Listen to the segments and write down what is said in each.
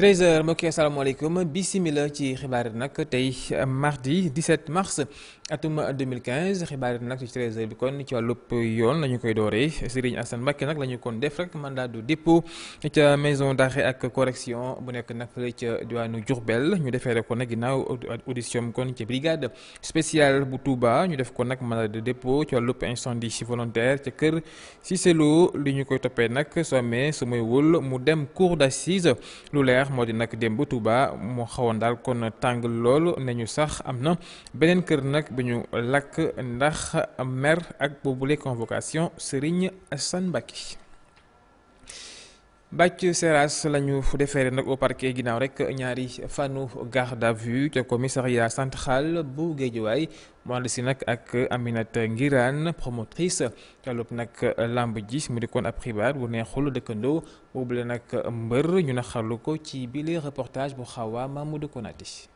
13h mbokk yi asalaamaaleykum bisimila ci xibaar yi nag tey mardi 17 mars atum 2015 xibaar yi nag ci trésor bi kon ci wàllub yoon la ñu koy dooree Serigne Assane Mbacké nag la ñu kon def rek mandat de dépôt ca maison d'arrêt ak correction bu nekk nag fële ca diwaanu Diourbel ñu defee rek ko nag ginnaaw audition kon ci brigade spéciale bu Touba ñu def ko nag mandat de dépôt ci wàllub incendie volontaire ca kër Cissé Lo li ñu koy toppee nag soo amee su may wul mu dem cour d'assises lu leer moo di nag démb Touba moo xawoon daal kon tàng lool nañu sax am na beneen kër bi ñu lakk ndax mer ak boobule convocation Serigne Assane Mbacké Bathie Seras lañu ñu defeere nag au parquet ginnaaw rek ñaari fanu garde à vue ca commissariat central bu Guédiawaye mu si nag ak aminat Ngiraan promotrice calub nag lamb ji mu di koon ab xibaar bu neexul dëkkandoo boobule nag mbër ñu naxarlu ko ci bile reportage bu xawa Mamadou Konaté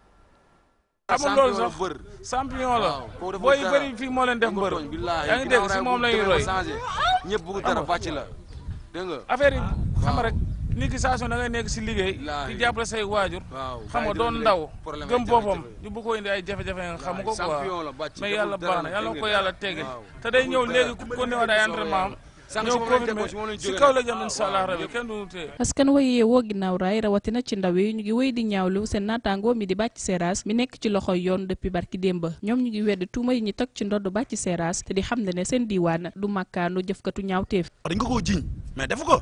amul loolu sax champion la booy bëri fii moo leen def mbër yaa ngi dégg si moom la roy ñëpp bëgg dara bàcc la dégg nga yi xam rek nit ki saa su da nekk si liggéey di jàppale say waajur xam nga doon ndaw gëm boppam ñu bu ko ay jafe-jafe nga xam ko quoi mais yàlla baax na yàlla ko yàlla teggi te day ñëw léegi ku ko newa day entraînement ñëw confirmé si kaw la jëm kenn du tee ginnaaw raay rawatina ci ndaw yi ñu ngi wéy di ñaawlu seen naataangoo mi di Bathie Seras mi nekk ci loxo yoon depuis barki démb ñoom ñu ngi weddi tuuma yi ñu teg ci ndodd Bathie Seras te di xam ne ne seen diiwaan du màkkaanu jëfkatu ñaawteef ah, dañ ko koo jiñ mais def ko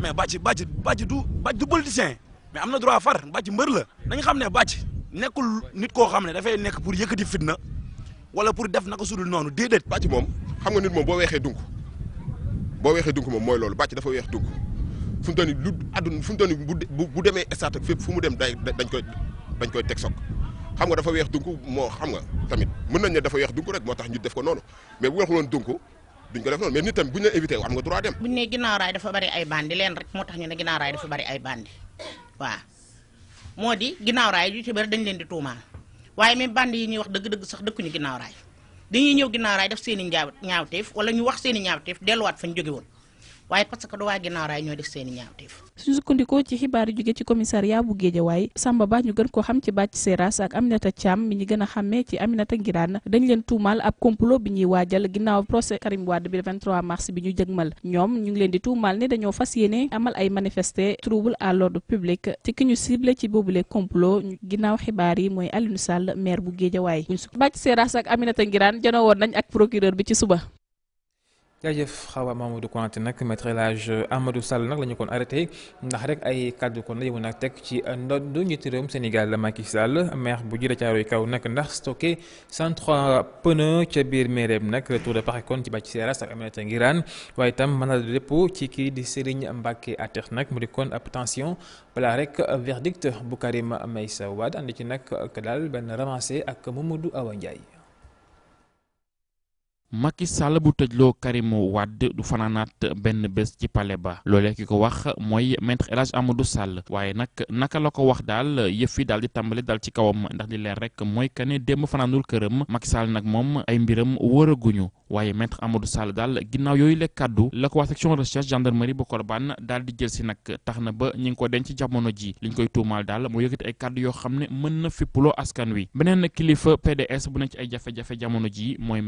mais Bathie Bathie Bathie du Bathie du politicien mais am na droit far Bathie mbër la dañ xam ne bàcc nekkul nit koo xam ne dafay nekk pour yëkkati fitna wala pour def naka sudul noonu déedéet Bathie moom xam nga nit moom boo weexee dunk boo weexee dugg moom mooy loolu bàcc dafa weex dugg fu mu toll lu àdduna fu mu bu bu demee stade ak fépp fu mu dem day dañ koy dañ koy teg soog xam nga dafa weex dugg moo xam nga tamit mën nañ ne dafa weex dugg rek moo tax ñu def ko noonu mais bu ko def noonu mais nit tamit bu ñu la invité am nga droit dem. bu ñu nee dafa bari ay bandi leen rek moo tax ñu ne ginnaaw dafa bari ay bandi waa moo di ginnaaw raay yu ci bari dañ leen di tuumaal waaye même bandi yi ñuy wax dëgg-dëgg sax dëkkuñu ginnaaw raay dañuy ñëw ginnaaw raay def seen i ñaaw ñaawteef wala ñu wax seen i ñaawteef delluwaat fañ jóge woon waaye parce que du waa ginnaaw raay ñoo def seen i ñaawteef suñu sukkandikoo ci xibaar yu jóge ci commissariat bu Guédiawaye Samba Ba ñu gën koo xam ci bàcc Seras ak Aminata Thiam mi ñu a xàmmee Ngiraan dañ bi ñuy waajal ginnaaw procès Karim Wade bi le 23 mars bi ñu ngi leen di tuumaal dañoo fas yéene amal ay manifester trouble à l'ordre public te ki ñu ciblé ci boobule complot ginnaaw xibaar yi mooy Aliou Sall maire bu Guédiawaye bàcc Seras ak Aminata Ngiraan janoo woon nañ ak procureur bi ci suba jaajëf xawa Mamadou Kanté nag maître El Hadj Amadou Sall nag la ñu kon arrêté ndax rek ay kàddu kon la yëngu nag teg ci ndodd njiitu réewum Sénégal Macky Sall maire bu Djiddah Thiaroye Kaw nag ndax stocké 103 pneus ca biir maireem nag retour de Paris kon ci bàcc Seras ak Aminata Ngiraan waaye itam mën na lépp ci kii di Serigne Mbacké Atex nag mu di kon ab tension balaa rek verdict bu may Meïssa Wade ànd ci nag daal benn ramassé ak Mamadou Awa Ndiaye. Macky Sall bu tëjloo Karim Wade du fanaanaat benn bés ci pale ba loolee ki ko wax mooy maître El Hadj Amadou Sall waaye nag naka la ko wax daal yëf yi daal di tàmbali daal ci kawam ndax di leer rek mooy que ne démb fanaanul këram Macky Sall nag moom ay mbiram wëraguñu waaye maître Amadou Sall daal ginnaaw yooyu la kaddu la ko wax section recherche gendarmerie bu Colobane daal di jël si nag na ba ñi ngi ko denc jamono ji liñ koy tuumaal daal moo yëkkati ay yoo xam ne mën na fippuloo askan wi beneen kilifa PDS bu nekk ay jafe jamono ji mooy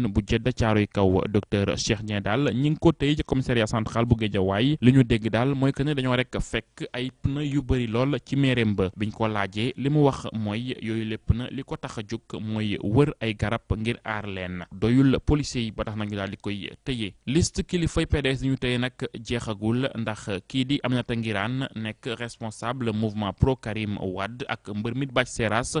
commune bu Djeddah Thiaroye Kaw docteur Cheikh Dieng daal ñi ngi ko tey ci commissariat central bu Guédiawaye li ñu dégg daal mooy que ne dañoo rek fekk ay pneu yu bëri lool ci meereem ba biñ ko laajee li mu wax mooy yooyu lépp na li ko tax a jóg mooy wër ay garab ngir aar leen doyul policiers yi ba tax nañu daal di koy tëye liste kilifay PDS ñu tey nag jeexagul ndax kii di Aminata Ngiraan nekk responsable mouvement pro Karim Wade ak mbër mit Bac Seras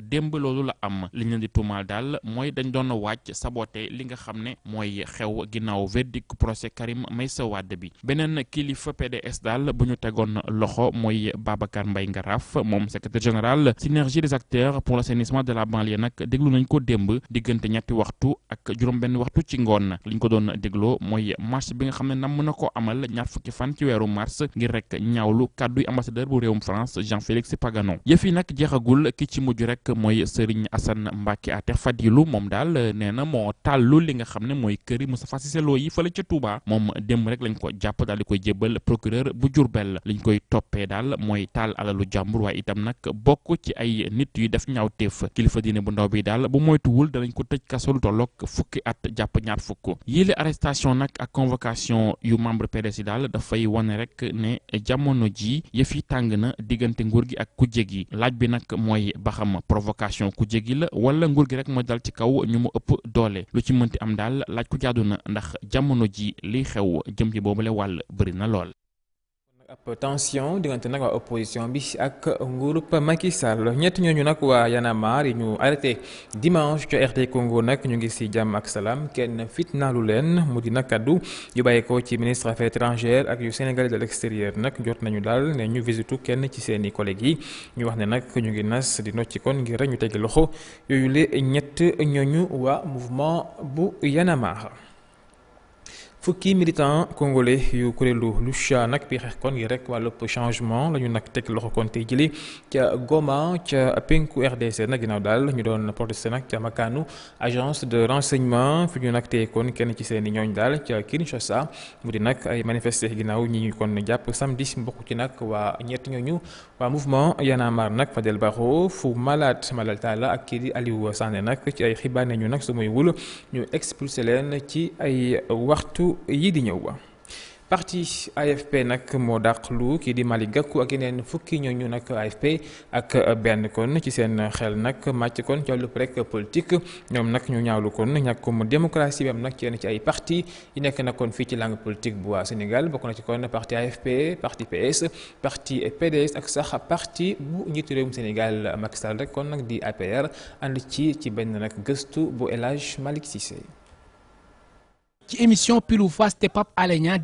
démb loolu la am li ñu leen di tuumaal daal mooy dañ doon wàcc saboté li nga xam ne mooy xew ginnaaw verdict procès Karim Meïssa Wade bi beneen kilifa PDS daal bu ñu tegoon loxo mooy Babacar mbay Ngaraf moom secrétaire général synergie des acteurs pour l'assainissement de la banlieue nag déglu nañ ko démb diggante ñetti waxtu ak juróom-benn waxtu ci ngoon li ñu ko doon dégloo mooy marche bi nga xam ne namm na ko amal ñaar fukki fan ci weeru mars ngir rek ñaawlu kàdduy ambassadeur bu réewum France Jean Félix Pagano yëf yi nag jeexagul ki nag mooy Serigne Assane Mbacke Atte Fadilu moom daal eh, nee na moo tàllu li nga xam ne mooy këri Moustapha Cissé Lo yi fële ca Touba moom démb rek lañ ko jàpp daal di koy jébbal procureur bu Diourbel liñ koy toppee daal mooy taal alalu jàmbur waaye itam nag bokk ci ay nit yu def ñaawteef kilifa diine bu ndaw bi daal bu moytuwul danañ ko tëj kaso lu tolloog fukki at jàpp ñaar fukk yile arrestation nag ak convocation yu membre PDS yi daal dafay wane rek na diggante nguur gi ak kujje gi laaj bi nag mooy provocation ku jégi la wala nguur gi rek mooy dal ci kaw ñu mu ëpp doole lu ci mënti am daal laaj ku jaadu na ndax jamono ji li xew jëm ci boobule wàll bëri na lool ab tension diggante nag waa opposition bi ak nguurub Macky ñett ñooñu nag waa Y'en a marre yi ñu arrêté dimanche Congo nag ñu ngi si jàmm ak salaam kenn fitnaalu leen mu di nag kaddu yu bàyyi ko ci ministre affaires étrangères ak yu sénégalais de l'extérieur nag jot nañu daal ne ñu visitu kenn ci seen i yi ñu wax ne nag ñu ngi nas di nocci kon ngir rek ñu tegi loxo yooyu le ñett ñooñu waa mouvement bu Y'en a marre fukki militant congolais yu kuréelu Lucha nag bi xeex kon yi rek wàllub changement la ñu nag teg loxo kon tey jëlee ca Goma ca penku RDC na ginnaaw daal ñu doon protesté nag ca makaanu agence de renseignement fi ñu nag te kon kenn ci seen i ñooñ daal ca Kinshasa mu di nag ay manifesté ginnaaw ñi ñu kon jàpp samedi mbokk ci nag waa ñetti ñooñu waa mouvement Y'en a marre nag Fadel Barro fu malaat Malal Talla ak kii di Aliou Sané nag ci ay xibaar ne ñu nag su may wul ñu expulsé yii di ñëw. parti AFP nag moo lu kii di Malick Gakou ak yeneen fukki ñooñu nag AFP ak benn kon ci seen xel nag màcc kon ci wàllub rek politique ñoom nag ñu ñaawlu kon ñàkkum démocratie bi am nag ci yenn ci ay parti yi nekk nag kon fii ci langue politique bu waa Sénégal bokk na ci kon parti AFP parti PS parti PDS ak sax parti bu njiitu réewum Sénégal Macky Sall kon nag di APR ànd ci ci benn nag gëstu bu élage Hadj Malick Cissé. ci émission pile ou face di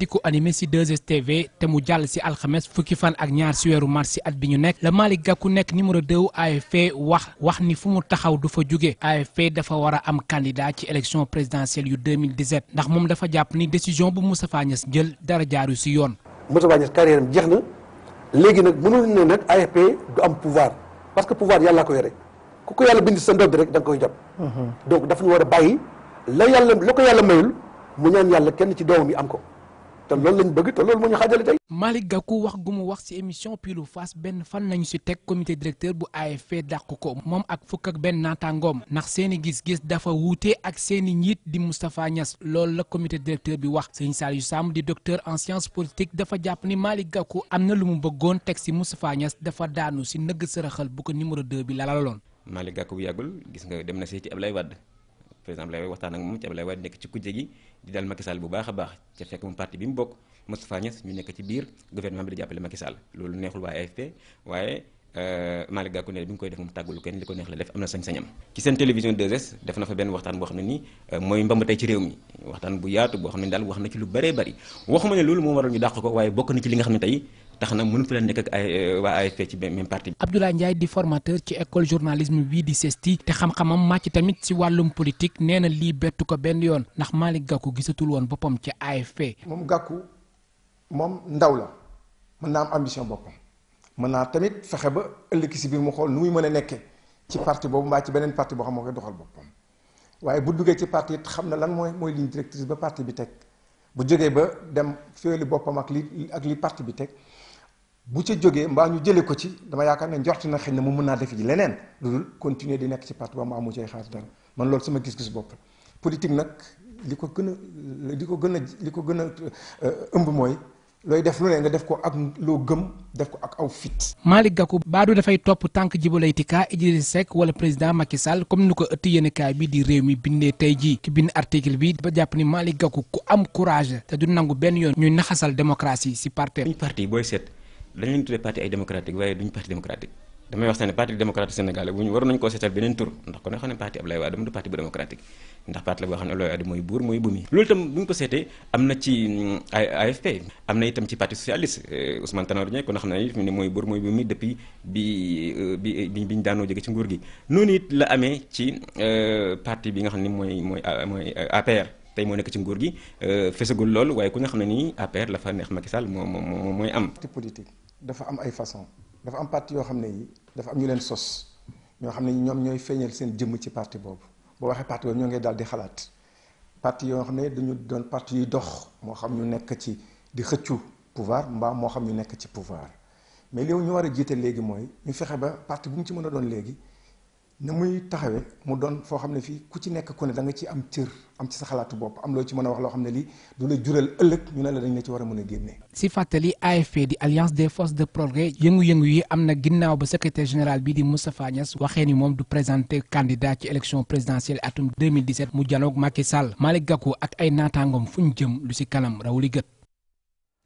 ko animé si 2STV te mu jàll si alxames fukki fan ak ñaar si weeru mars si at bi ñu nekk la Malick Gakou nekk numéro 2 AFP wax wax ni fu mu taxaw du fa jóge AFP dafa war a am candidat ci élection présidentielle yu 2017 ndax moom dafa jàpp ni décision bu Moustapha Niass jël dara jaaru si yoon. Moustapha Niass carrière jeex na léegi nag mënul ne nag AFP du am pouvoir parce que pouvoir yàlla ko yore ku ko yàlla bind sa ndodd rek da koy jot. Mhm. donc daf ñu a bàyyi la yàlla la ko mu ñaan yàlla kenn ci doomam yi am ko te loolu lañ bëgg te loolu moo ñu xaajale tey. Malick Gakou wax gu mu wax ci émission Pilou Face benn fan nañu si teg comité directeur bu AFP dàq ko moom ak fukk ak benn naataangoom ndax seeni gis-gis dafa wuute ak seeni njiit di Moustapha Niass loolu la comité directeur bi wax saal yu Samb di docteur en sciences politiques dafa jàpp ni Malick Gakou am na lu mu bëggoon teg ci Moustapha Niass dafa daanu ci nëgg sërëxal bu ko numéro 2 bi lalaloon. Malick Gakou bu yàggul gis nga dem na ci Ablaye Wade. président Abdoulaye Wade waxtaan ak moom ci Abdoulaye Wade nekk ci kujje gi di dal Macky bu baax a baax ca fekk mu parti bi mu bokk Moustapha Niass ñu nekk ci biir gouvernement bi di jàppale Macky loolu neexul waa AFP waaye euh, Malick Gakou bi mu koy def moom tàggulu kenn li ko neex la def am na sañ-sañam ci seen télévision 2S def na fa benn waxtaan boo xam ne nii euh, mooy mbamba tey ci réew mi waxtaan bu yaatu boo xam ne daal wax na ci lu bare bëri waxuma ne loolu moo waral ñu dàq ko na ci li tax na mënatu la nekk ak ay euh, waa AFP ci même parti bi. Abdoulaye Ndiaye di formateur ci école journalisme bii di CESTI te xam-xamam màcc tamit si wàllum politique nee na lii bettu ko benn yoon ndax Malick Gakou gisatul woon boppam ci AFP. moom Gakou moom ndaw la mën naa am ambition boppam mën naa tamit fexe ba ëllëg si biir mu xool nu muy mën a nekkee ci parti boobu mbaa ci beneen parti boo xam moo koy doxal boppam waaye bu duggee ci parti it xam na lan mooy mooy ligne directrice ba parti bi teg bu jógee ba dem féeli boppam ak li ak li parti bi teg. bu ca jógee mbaa ñu jëlee ko ci dama yaakaar ne njort na xëy na mu mën naa def ji leneen lu dul continuer di nekk ci parti ba mu loolu sama gis-gis bopp nag li ko gën a li ko gën a li ko gën a euh, ëmb mooy looy def lu def ko ak loo gëm def ko ak aw fit. Malick Gakou baadu dafay topp tànk Djibo Leyti Ka Idrissa Seck wala président Macky Sall comme ni ko ëtt yéenekaay bi di réew mi bindee tey jii ki bind article bi ba jàpp ni Malick Gakou ku am te du nangu benn yoon ñuy naxasal démocratie si parti. parti booy set dañ leen tuddee parti ay démocratique waaye duñ parti démocratique damay wax seen parti démocratique sénégalais bu ñu nañu koo seetal beneen tur ndax ko a xam ne parti Abdoulaye Wade du parti bu démocratique ndax parti la boo xam ne mooy buur mooy bumi mm, na itam ci parti socialiste eh, Ousmane Tanor Dieng kon nga xam ne fi mooy buur mooy bumi depuis bi eh, bi eh, bi ñu daanoo jóge ci nguur gi noonu it la amee ci parti bi nga xam ne mooy mooy mooy APR tey moo nekk ci nguur gi fesagul loolu waaye ku nga xam ne nii APR la fa neex Macky Sall moo moo mooy am. politique. dafa am ay façon dafa am parti yoo xam ne yi dafa am ñu leen sos ñoo xam ne ñoom ñooy feeñal seen jëmm ci parti boobu boo waxee parti boobu ñoo ngay daal di xalaat parti yoo xam ne dañu doon parti yuy dox moo xam ñu nekk ci di xëccu pouvoir mbaa moo xam ñu nekk ci pouvoir mais li ñu war a jiite léegi mooy ñu fexe ba parti bu mu ci mën a doon léegi ne muy taxawee mu doon foo xam ne fii ku ci nekk ku ne da nga ci am cër am ci sa xalaatu bopp am loo ci mën a wax loo xam ne lii du la jural ëllëg ñu ne la dañ la ci war a mën a génne. si fàttali AFP di alliance des forces de progrès yëngu-yëngu yi am na ginnaaw ba secrétaire général bii di Moustapha Niass waxee ni moom du présenté candidat ci élection présidentielle atum 2017 mu janoog Macky Sall Malick Gakou ak ay naataangoom fu ñu jëm lu si kanam rawuli gët.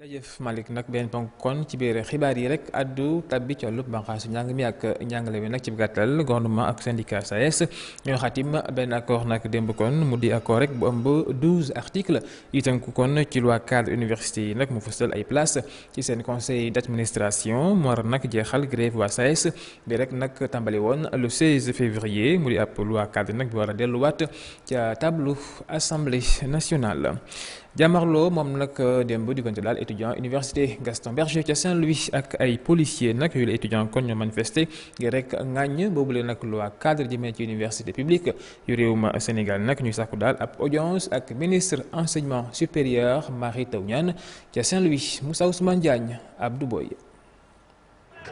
jërëjëf Malick nag benn ponk kon ci biir xibaar yi rek addu tabbi ci wàllu banqaasu njàng mi ak njàngale mi nag ci gàttal gouvernement ak syndicat SAES ñoo xatim benn accord nag démb kon mu di accord rek bu ëmb douze articles yi tënku kon ci loi cadre université yi nag mu fësal ay place ci seen conseil d'administration moo war nag jeexal grève waa SAES bi rek nag tàmbali woon le 16 février mu di ab loi cadre nag bi war a delluwaat ca tableau assemblée nationale jàmmarloo moom nag euh, démb diggante daal étudiant université Gaston Berger ca Saint-Louis ak ay policier nag yu la étudiant kon ñoo manifesté ngir rek ŋàññ boobule nag loi cadre jëmee ci université publique yu ma Sénégal nag ñuy sàkku daal ab audience ak ministre enseignement supérieur Mary Teuw Niane ca Saint-Louis Moussa Ousmane Diagne Abdou Boye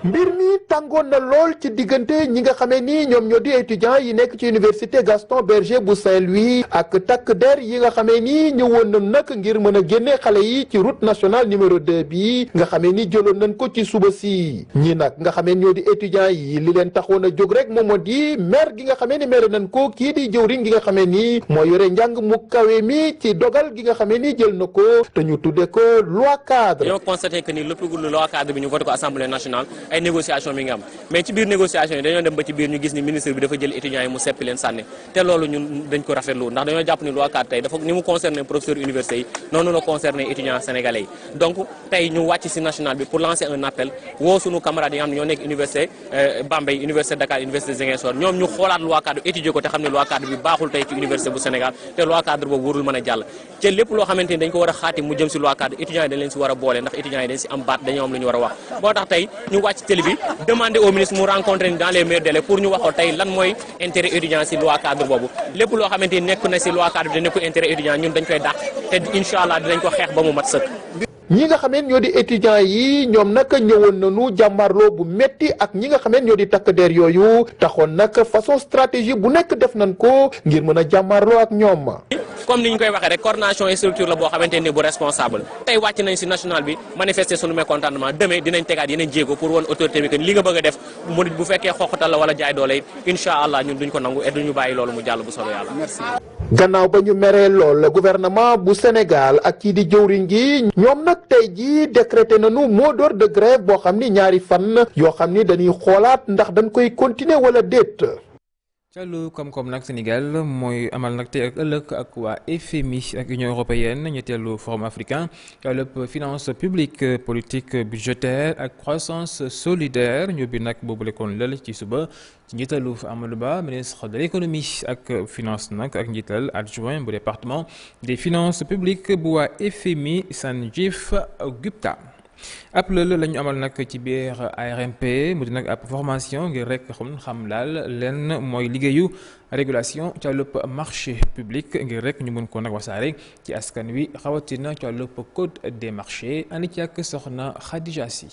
mbir mi tàngoon na lool ci diggante ñi nga xamee ni ñoom ñoo di étudiants yi nekk ci université Gaston Berger bu Saint-Louis ak takk der yi nga xamee ni ñëwoon na nak ngir mën a génne xale yi ci route nationale numéro 2 bi nga xamee ni jëloon nañ ko ci suba si ñi nag nga xamee ñoo di étudiants yi li leen taxoon a jóg rek moom moo di maire gi nga xamee ni maire nañ ko kii di jëwriñ gi nga xamee ni moo yore njàng mu kawe mi ci dogal gi nga xamee ni jël na ko te ñu tuddee ko loi cadre. ñoo constaté que ni lépp loi ay négociation mi yi dañoo dem ba ci biir ñu gis ni ministre bi dafa jël étudiants yi mu seppi leen sànni te loolu ñun dañ ko rafetlu ndax dañoo jàpp ni loi 4 euh, bi baaxul tey ci université bu Sénégal te loi 4 boobu warul mën a jàll te lépp loo xamante ni dañ ko war xaati mu jëm si loi 4 étudiants yi dañ leen si war boole ndax étudiants yi dañ si am baat dañoo lu ñu war a wax wàcc télé bi demander au ministre mu rencontrer dans les meilleurs délais pour ñu wax ko tey mooy intérêt étudiant si loi cadre boobu lépp loo xamante ni nekk na si loi cadre bi da nekku intérêt ñun dañ koy dàq te incha allah dinañ ko xeex ba mu mat sëkk ñi nga xamee ñoo di étudiants yi ñoom nag ñëwoon nañu jàmmarloo bu metti ak ñi nga xamee ñoo di takk der yooyu taxoon nag façon stratégie bu nekk def nañ ko ngir mën a jàmmarloo ak ñoom. comme ni ñu koy waxee rek coordination et structure la boo xamante ni bu responsable tey wàcc nañ si national bi manifester sunu mécontentement demee dinañ tegaat yeneen jéego pour woon autorité bi que li nga bëgg def bu fekkee xoxatal la wala jaay doole it incha allah ñun duñ ko nangu et duñu bàyyi loolu mu gannaaw ba ñu meree lool gouvernement bu Sénégal ak kii di jëwriñ gi ñoom nag tey jii décrété nañu mot d'ordre de grève boo xam ni ñaari fan yoo xam ni dañuy xoolaat ndax dañ koy continuer wala déet. càllu koom-koom nag Sénégal mooy amal nag te ak ëllëg ak waa FMI ak Union européenne ñetteelu forum africain lépp finance publique politique budgétaire ak croissance solidaire ñu bi nag boobu lekkoon lël ci suba ci njiitalu Amadou Ba ministre de l'économie ak finance nag ak njiital adjoint bu département des finance publique bu waa FMI Sanjif Gupta ab lël la ñu amal nag ci biir ARMP mu di nag ab formation ngir rek xam xam daal lenn mooy liggéeyu régulation ci wàllub marché public ngir rek ñu mën ko nag wasaare ci askan wi xawatina ci wàllub code des marchés ani ci soxna Khadija Sy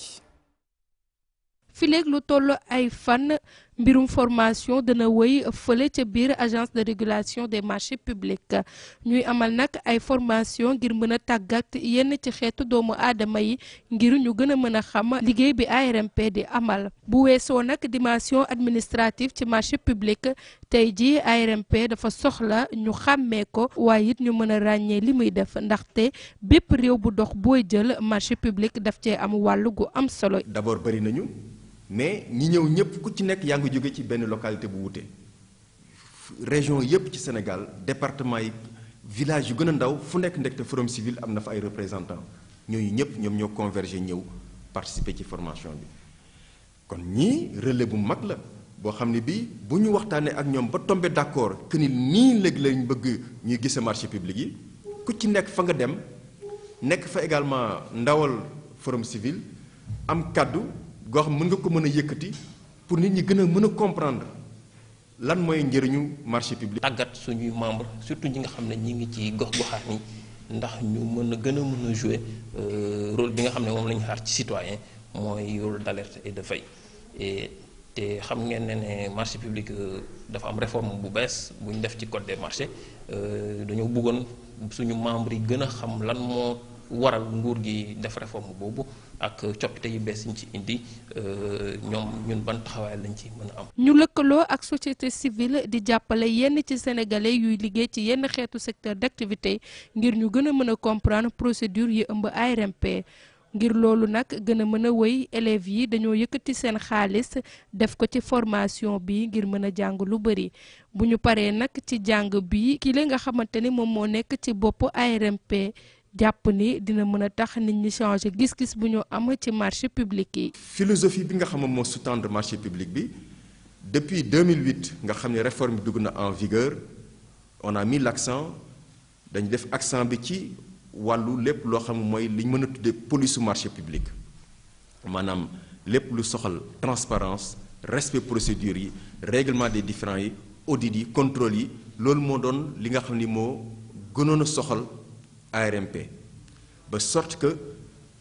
mbirum formation dana woy fële ca biir agence de régulation des marché publics ñuy amal nag ay formation ngir mën a tàggat yenn ci xeetu doomu aadama yi ngir ñu gën a mën a xam liggéey bi ARMP di amal bu weesoo nag dimension administrative ci marché public tey ji ARMP dafa soxla ñu xàmmee ko waaye it ñu mën a ràññee li muy def ndaxte bépp réew bu dox booy jël marché public daf cee am wàll gu am solo d'abord bari nañu mais ñi ñëw ñëpp ku ci nekk yaa ngi jóge ci benn localité bu wute région yëpp ci Sénégal département yi village yu gën a ndaw fu nekk ndekte forom civil am na fa ay représentant ñooñu ñëpp ñoom ñoo converger ñëw participer ci formation bi kon ñi relais bu mag la boo xam ne bii bu ñu waxtaanee ak ñoom ba tombé d'accord que ni nii léegi lañ bëgg ñuy gise marché public yi ku ci nekk fa nga dem nekk fa également ndawal forom civil am kàddu gox xam mën nga ko mën a yëkkati pour nit ñi gën a mën a comprendre lan mooy njëriñu marché public. tàggat suñuy membre surtout ñi nga xam ne ñi ngi ci gox goxaan yi ndax ñu mën a gën a mën a jouer euh, rôle bi nga xam ne moom la xaar ci citoyen mooy rôle d' alerte et de veille et te xam ngeen ne ne marché public euh, dafa am réforme bu bees bu ñu def ci code des marchés euh, dañoo buggoon suñu membre yi gën a xam lan moo. waral nguur gi def réforme boobu ak coppite yu bees yiñ ci indi euh, ñoom ñun ban taxawaay lañ ci mën a am. ñu lëkkaloo ak société civile di jàppale yenn ci sénégalais yuy liggéey ci yenn xeetu secteur d'activité ngir ñu gën a mën a comprendre procédure yi ëmb ARMP. ngir loolu nag gën a mën a wéy élèves yi dañoo yëkkati seen xaalis def ko ci formation bi ngir mën a jàng lu bëri bu ñu paree nag ci jàng bi ki la nga xamante ni moom moo nekk ci bopp ARMP jàpp ni dina mën a tax nit ñi changer gis-gis bu ñoo am ci marché public yi. philosophie bi nga xam ne moo sous-tendre marché public bi depuis 2008 nga xam ne réforme bi dugg na en vigueur on a mis dañu def accent bi ci wàllu lépp loo xam mooy li ñu mën a tuddee police marché public maanaam lépp lu soxal transparence respect procédure yi règlement des différends yi audit yi contrôle yi loolu moo doon li nga xam ni moo gënoon a soxal. ARMP ba sorte que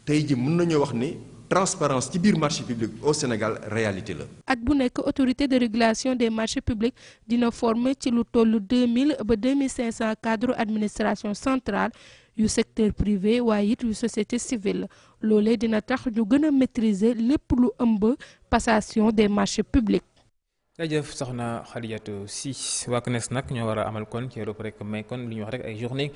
tey ji mën nañoo wax ni transparence ci biir marché public au Sénégal réalité la. at bu nekk autorité de régulation des marchés publics dina former ci lu toll 2000 ba 2500 cadres administration centrale yu secteur privé waaye it yu société la loole dina tax ñu gën a maîtriser lépp lu ëmb passation des marchés publics. jërëjëf soxna xalijatu si waa CNES nag ñoo war a amal kon ci Europe rek may kon li ñu wax rek ay journée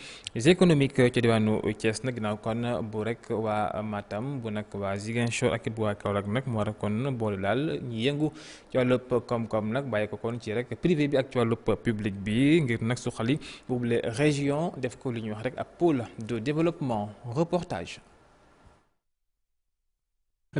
économique ci diwaanu Thiès nag ginnaaw kon bu rek waa Matam bu nag waa Ziguinchor ak bu waa Kaolack nag mu war a kon boole daal ñu yëngu ci wàllub koom-koom nag bàyyi ko kon ci rek privé bi ak ci wàllub public bi ngir nag su xali boobule région def ko li ñuy wax rek ab pôle de développement reportage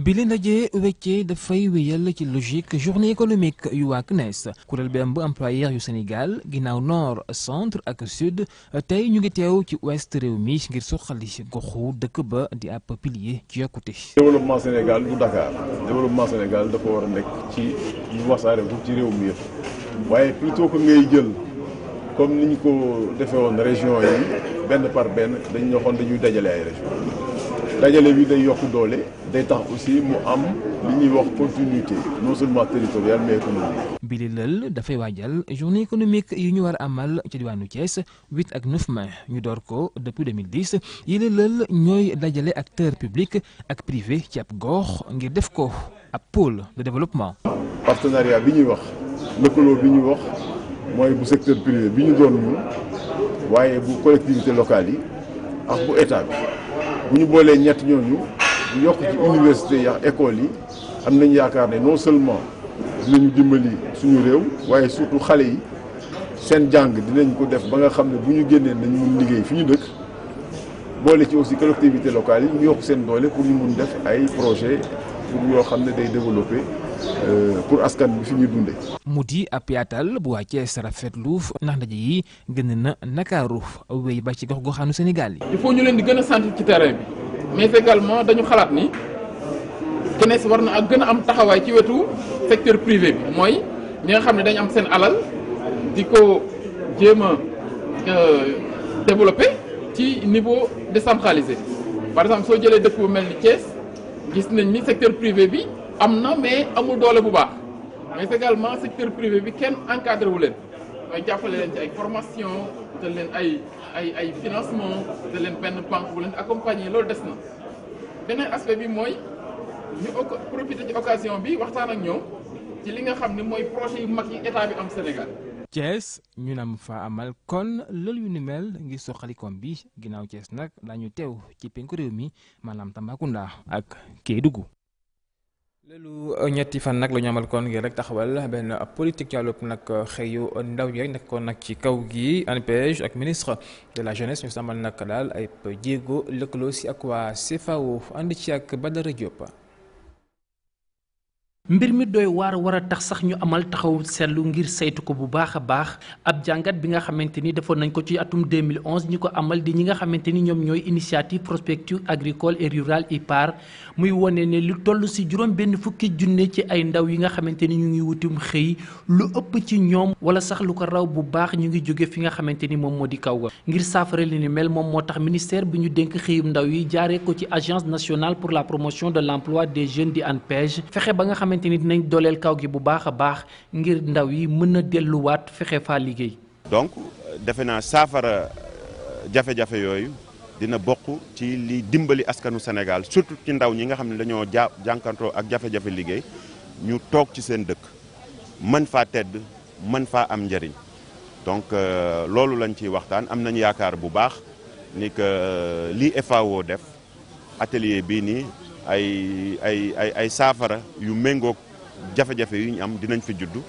bi li ndaje wecce dafay wéyal ci logique journée économique yu waa CNES kuréel bi ëmb employeur yu Sénégal ginnaaw nord centre ak sud tey ñu ngi teew ci ouest réew mi ngir suqali goxu dëkk ba di ab pilier ci yokkute. développement Sénégal du Dakar développement Sénégal dafa war a nekk ci ñu wasaare ci réew mi yëpp waaye plutôt que ngay jël comme ni ñu ko defee woon région yi benn par benn dañu waxoon dañuy dajale ay région dajale bi day yokk doole day tax aussi mu am li ñuy wax continuité non seulement territoriale mais économique. bili lël dafay waajal journée économique yi ñu war a amal ci diwaanu Thiès 8 ak 9 mai ñu door ko depuis 2010 yili lël ñooy dajale acteurs publics ak privés ci ab gox ngir def ko ab pôle de développement. partenariat bi ñuy wax lëkkaloo bi ñuy wax mooy bu secteur privé bi ñu doon ñun waaye bu collectivités locales yi ak bu état bi. bu ñu boolee ñett ñooñu yokk ci université yi ak école yi am nañu yaakaar ne non seulement dinañu dimbali suñu réew waaye surtout xale yi seen jàng dinañ ko def ba nga xam ne bu ñu génnee nañ mun liggéey fi ñu dëkk boole ci aussi collectivité locale yi ñu yokk seen doole pour ñu mun def ay projet pour yoo xam ne day développer Euh, pour askan bi fi ñuy dundee. mu di ab yaatal bu waa Thiès rafetlu ndax ndaje yi gën na nakaaru wéy ba ci gox goxaanu Sénégal yi. il ñu leen di gën a sentir ci terrain bi mais également dañu xalaat ni CNES war na ak gën a am taxawaay ci wetu secteur privé bi mooy ñi nga xam ne dañ am seen alal di ko jéem euh, développé ci niveau décentralisé par exemple soo jëlee dëkk bu mel ni Thiès gis nañ ni secteur privé bi. am na mais amul doole bu baax mais également secteur privé bi kenn encadré wu leen mooy jàppale leen ci ay formation te leen ay ay ay financement te leen benn banque bu leen accompagner loolu des na beneen aspect bi mooy ñu bi waxtaan ak ñoom ci li nga xam ne mooy projet yu mag yi état bi am Sénégal Thiès ñu nam fa amal kon loolu yu ni mel ngir soxali koom bi ginnaaw Thiès nag dañu teew ci penku réew mi maanaam Tambacounda ak dugg lu ñetti fan nag la ñu amal kon ngir rek taxawal benn politique dialogue nag xëyu ndaw ñi rek nekk kon nag ci kaw gi ANPEJ ak ministre de la jeunesse ñu samal nag daal ay jéego lëkkaloo si ak waa CFAO ànd ci ak ba Badara Diop. mbir mi doy waar war a tax sax ñu amal taxaw seetlu ngir saytu ko bu baax a baax ab jàngat bi nga xamante ni defoon nañ ko ci atum 2011 ñi ko amal di ñi nga xamante ni ñoom ñooy initiative prospective agricole et rurale IPAR muy wane ne lu toll si juróom benn fukki junne ci ay ndaw yi nga xamante ni ñu ngi wutum xëy lu ëpp ci ñoom wala sax lu ko raw bu baax ñu ngi jóge fi nga xamante ni moom moo di kaw ga ngir saafara li ni mel moom moo tax ministère bi ñu dénk xëyub ndaw yi jaaree ko ci agence nationale pour la promotion de l' emploi des jeunes di ANPEJ fexe ba nga xamante xamante ni dinañ dooleel kaw gi bu baax a baax ngir ndaw yi mën a delluwaat fexe faa liggéey. donc defe naa saafara euh, jafe-jafe yooyu dina bokk ci li dimbali askanu Sénégal surtout ci ndaw ñi nga xam ne dañoo ja ak jafe-jafe liggéey ñu toog ci seen dëkk man faa tedd man faa am njëriñ donc euh, loolu lañ ci waxtaan am nañu yaakaar bu baax ni que euh, li FAO def atelier bii nii. ay ay ay ay saafara yu méngoog jafe-jafe yu ñu am dinañ fi juddu.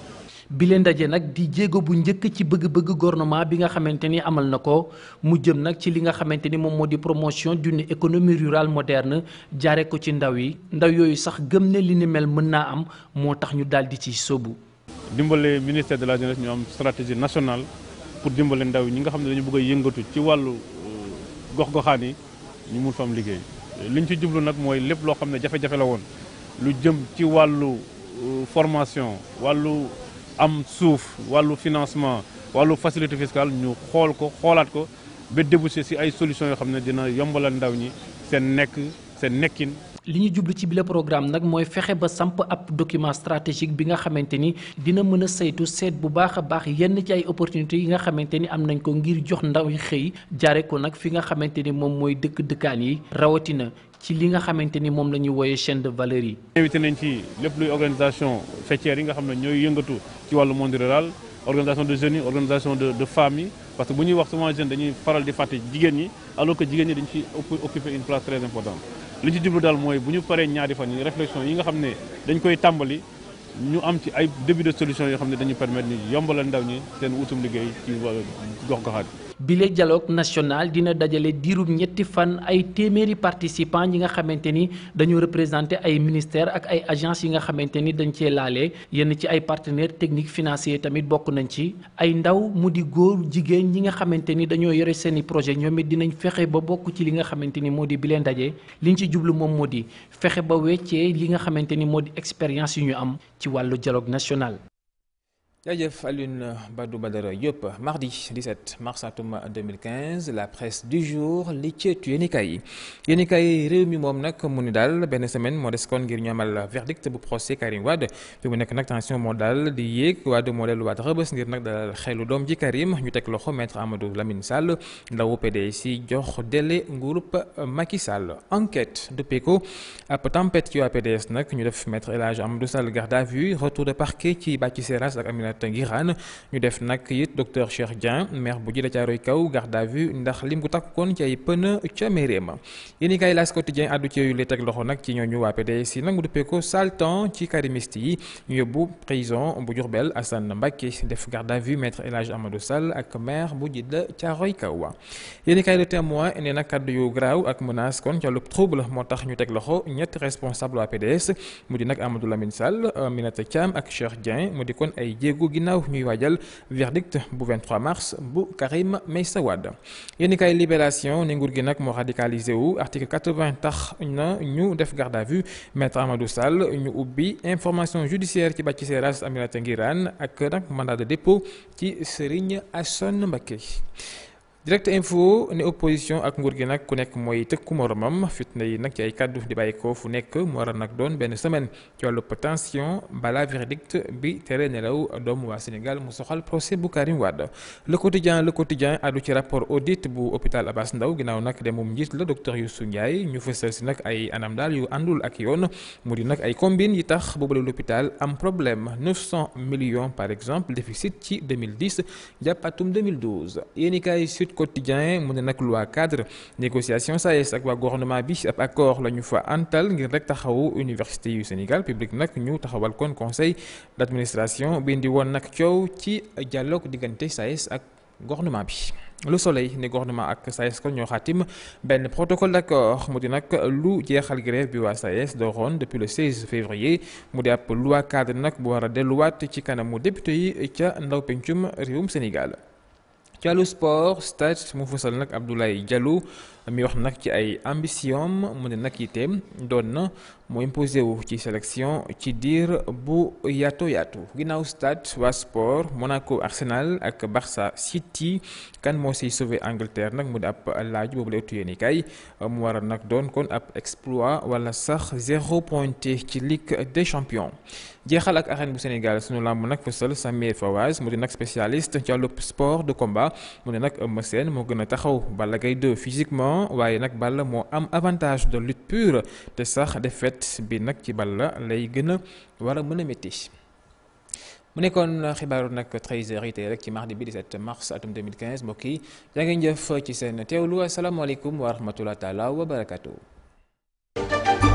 bi leen ndaje nag di jéego bu njëkk ci bëgg-bëgg gouvernement bi nga xamante ni amal na ko mu jëm nag ci li nga xamante ni moom moo di promotion d'une économie rurale moderne jaare ko ci ndaw yi ndaw yooyu sax gëm ne li ni mel mën naa am moo tax ñu daal di ci sóobu. dimbale ministère de la jeunesse ñu am stratégie nationale pour dimbale ndaw yi ñi nga xam ne dañu bëgg a yëngatu ci wàllu euh, gox-goxaan yi ñu liggéey. li ñu ci jublu nag mooy lépp loo xam ne jafe-jafe la woon lu jëm ci wàllu euh, formation wàllu am suuf wàllu financement wàllu facilité fiscale ñu xool ko xoolaat ko ba débouché si ay solution yoo xam ne dina yombalal ndaw ñi seen nekk seen nekkin li ñu jublu ci bile programme nag mooy fexe ba samp ab document stratégique bi nga xamante ni dina mën a saytu seet bu baax a baax yenn ci ay opportunités yi nga xamante ni am nañ ko ngir jox ndaw yi xëy jaare ko nag fi nga xamante ni moom mooy dëkk dëkkaan yi rawatina ci li nga xamante ni moom la ñuy wooyee chaîne de valeur yi. invité nañ ci lépp luy organisation faîtière yi nga xam ne ñooy yëngatu ci wàllu monde rural organisation de jeunes yi organisation de de femmes yi parce que bu ñuy wax souvent jeune dañuy faral di fàtte jigéen ñi dañ ci occuper une place très li ci jublu daal mooy bu ñu paree ñaari fan yi réflexion yi nga xam ne dañ koy tàmbali ñu am ci ay début de solution yoo xam ne dañu permettre ñu yombalal ndaw ñi seen wutum liggéey ci gox goxaat bile dialogue national dina dajale diirub ñetti fan ay téeméeri participant yi nga xamante ni dañoo représenter ay ministères ak ay agences yi nga xamante ni dañ cee laale yenn ci ay partenaires techniques financier tamit bokk nañ ci ay ndaw mu di góor jigéen ñi nga xamante ni dañoo yore seen i projet ñoom it dinañ fexe ba bokk ci li nga xamante ni moo di bile ndaje liñ ci jublu moom moo di fexe ba weccee li nga xamante ni moo di expérience yu ñu am ci wàllu dialogue national jaajëf Alioune Badou Badara Diop mardi 17 mars atum 2015 la presse du jour li ceet yéenikaay yi réew mi moom nag mu ni daal benn semaine moo des kon ngir ñu amal verdict bu procès Karim Wade fi mu nekk nag tension moo daal di yéeg Wade moo dellu waat rëbës ngir nag dalal xelu doom ji Karim ñu teg loxo maître Amadou Lamine Sall ndawu PDS yi jox délai groupe Macky Sall enquête de PECO ab tempête ci waa PDS ñu def maître El Hadj Amadou Sall garde de parquet ci Bathie Seras Aminata Nguirane ñu def nag it docteur Cheikh Dieng maire bu Djiddah Thiaroye Kaw garde à vue ndax lim gu takkoon ci ay pneu ca mairie ma i kaay L'As Quotidien àddu ci yooyu lay teg loxo nag ci ñooñu waa PDS yi nangu duppee ko saltan ci karimiste yi ñu yóbbu prison bu Diourbel Assane Mbacké def garde à vue maître El Hadj Amadou Sall ak maire bu Djiddah Thiaroye Kaw yéen i kaay Le Témoin nee na kàddu yu graaw ak menace kon ca lu trouble moo tax ñu teg loxo ñetti responsable déggu ginnaaw ñuy waajal verdict bu 23 mars bu Karim Meïssa Wade yéen kay libération ne nguur gi nag moo radicalisé wu article 80 tax na ñu def garde à vue maître Amadou Sall ñu ubbi information judiciaire ci Bathie Seras Aminata Nguirane ak nag mandat de dépôt ci Serigne Assane Mbacké direct info ne opposition ak nguur gi nag ku nekk mooy tëkku moromam fitna yi nag ci ay kàddu di bàyyi ko fu nekk mu war a nag doon benn semaine ci wàllu tension bala verdict bi tere nelaw doomu waa Sénégal mu soxal procès bu Karim Wade le quotidien lu quotidien addu ci rapport audit bu hôpital Abass Ndao ginnaaw nag demum njiit la docteur Youssou Ndiaye ñu fësal si nag ay anam daal yu àndul ak yoon mu di nag ay combine yi tax boobale l'hôpital am problème 900 millions par exemple déficit ci 2010 jàpp atum 2012 quotidien mu ne nag loi cadre négociation SAES ak waa gouvernement bi ab accord la ñu fa antal ngir rek taxawu université yu Sénégal public nag ñu taxawal kon conseil d' administration bi indi woon nag coow ci dialogue diggante SAES ak gouvernement bi. Le Soleil ne gouvernement ak SAES kon ñoo xaatim benn protocole d'accord mu di nag lu jeexal grève bi waa SAES dooroon depuis le 16 février mu di ab loi cadre nag bu war a delluwaat ci kanamu député yi ca ndaw pencum réewum Sénégal. Thialou Sport stade mu fësal nag Abdoulaye Diallo mi wax nag ci ay ambition mu ne nag itam doon na mu imposé wu ci sélection ci diir bu yaatu yaatu ginnaaw stade waa sport Monaco Arsenal ak Barça City kan moo siy sauvé Angleterre nag mu di ab laaj boobu lay tuyee ni kay mu war a nag doon kon ab exploit wala sax zéro pointé ci Ligue de champion jeexal ak arène bu Sénégal sunu lamb nag fësal Samir Fawaz mu di nag spécialiste ci wàllu sport de combat mu ne nag Eumeu Sène moo gën taxaw Balla Gaye waaye nag Balla moo am avantage de lutte pure te sax défaite bi nag ci Balla lay gën a war a mën a mu nekkoon xibaaru nag 13h yi tey rek ci mardi bi 17 mars atum 2015 mbokk yi yaa ngi jëf ci seen teewlu asalaamaaleykum wa rahmatulah taala wa